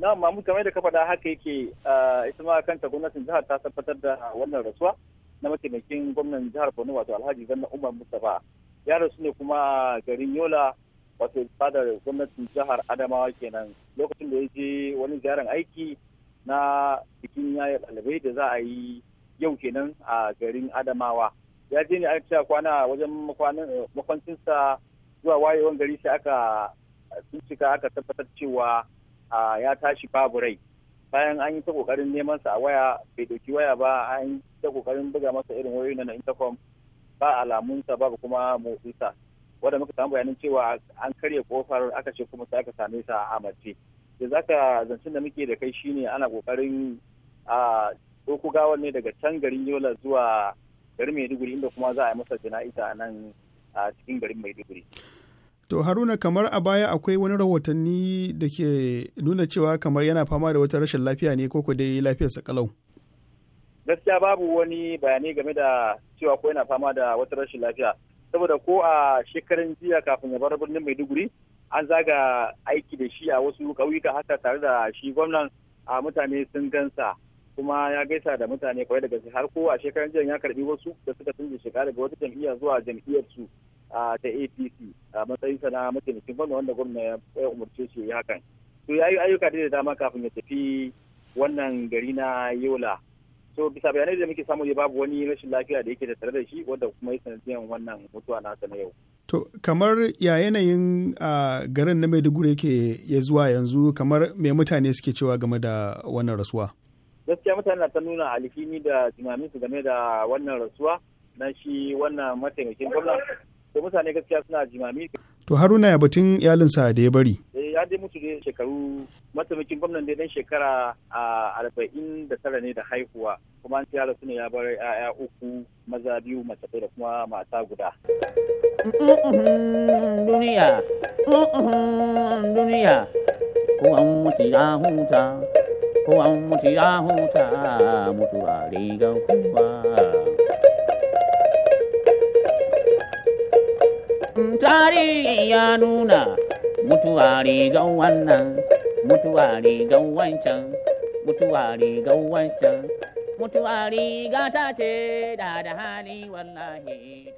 na mamu kamar da ka faɗa haka yake uh, ita ma kanta gwamnatin jihar ta tabbatar da wannan rasuwa na mataimakin gwamnan jihar borno wato alhaji zanna umar mustapha ya rasu ne kuma garin yola wato fadar gwamnatin jihar adamawa kenan lokacin da ya je wani ziyarar aiki na bikin yaya ɗalibai da za a yi yau kenan a garin adamawa ya je ne a cewa kwana wajen eh, makwancinsa zuwa wayewan gari sai aka bincika aka tabbatar cewa ya tashi babu rai bayan an yi ta kokarin neman sa a waya bai dauki waya ba an yi ta kokarin buga masa irin wayoyin na intercom ba alamun sa babu kuma sa wanda muka samu bayanin cewa an karya kofar aka ce kuma sai aka same sa a mace da zaka zancen da muke da kai shine ana kokarin a doku gawar ne daga can garin yola zuwa garin maiduguri inda kuma za a yi masa jana'iza a nan a cikin garin maiduguri To Haruna kamar a baya akwai wani rahotanni da ke nuna cewa kamar yana fama da wata rashin lafiya ne koko dai lafiyarsa kalau. Gaskiya babu wani bayani game da cewa ko yana fama da wata rashin lafiya. Saboda ko a shekarun jiya kafin ya bar birnin Maiduguri an zaga aiki da shi a wasu ƙauyuka haka tare da shi gwamnan a mutane sun gansa kuma ya gaisa da mutane kawai da gaske har ko a shekarun jiya ya karbi wasu da suka canza shiga daga wata jam'iyya zuwa jam'iyyar su ta APC. a matsayinsa na mataimakin gwamna wanda gwamna ya umarce shi ya hakan to ya yi ayyuka da dama kafin ya tafi wannan gari na yola so bisa bayanai da muke samu babu wani rashin lafiya da yake tattare da shi wanda kuma ya sanadiyan wannan mutuwa nasa na yau to kamar ya yanayin a garin na maiduguri yake ya zuwa yanzu kamar me mutane suke cewa game da wannan rasuwa gaskiya mutane na ta nuna alfini da tunaninsu game da wannan rasuwa na shi wannan mataimakin gwamna to mutane gaskiya suna jimami to haruna ya batun iyalinsa da ya bari eh ya dai mutu dai shekaru mataimakin gwamnan dai dan shekara a arba'in da tara ne da haihuwa kuma an tiyara su ne ya bar ya'ya uku maza biyu mace da kuma mata guda duniya duniya ko an mutu ya huta ko an mutu ya huta mutuwa rigar kuma Tarihi ya nuna mutuwa ga wannan, mutuwa ga wancan, mutuwa ga wancan, mutuwa riga ta ce da da hali wallahi